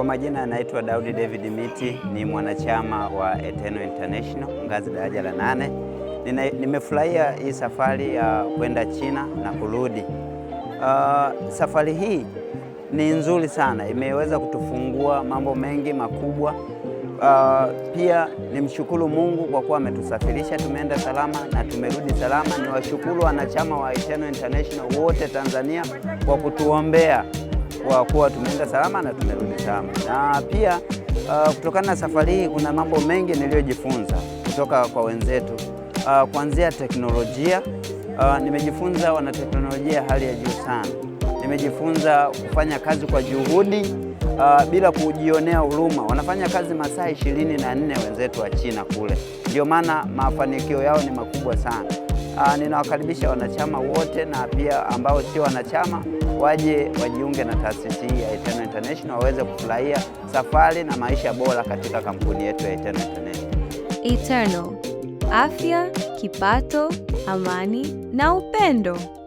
Kwa majina anaitwa Daudi David Miti, ni mwanachama wa Eternal International ngazi daraja la nane. Nimefurahia hii safari ya uh, kwenda China na kurudi. Uh, safari hii ni nzuri sana, imeweza kutufungua mambo mengi makubwa. Uh, pia nimshukuru Mungu kwa kuwa ametusafirisha, tumeenda salama na tumerudi salama. Niwashukuru wanachama wa Eternal International wote Tanzania kwa kutuombea kwa kuwa tumeenda salama na tumerudi salama. Na pia uh, kutokana na safari hii kuna mambo mengi niliyojifunza kutoka kwa wenzetu uh, kuanzia teknolojia uh, nimejifunza wana teknolojia hali ya juu sana. Nimejifunza kufanya kazi kwa juhudi uh, bila kujionea huruma. Wanafanya kazi masaa ishirini na nne wenzetu wa China kule, ndio maana mafanikio yao ni makubwa sana. Ah, ninawakaribisha wanachama wote na pia ambao sio wanachama waje wajiunge na taasisi hii ya Eternal International waweze kufurahia safari na maisha bora katika kampuni yetu ya Eternal International. Eternal, afya, kipato, amani na upendo.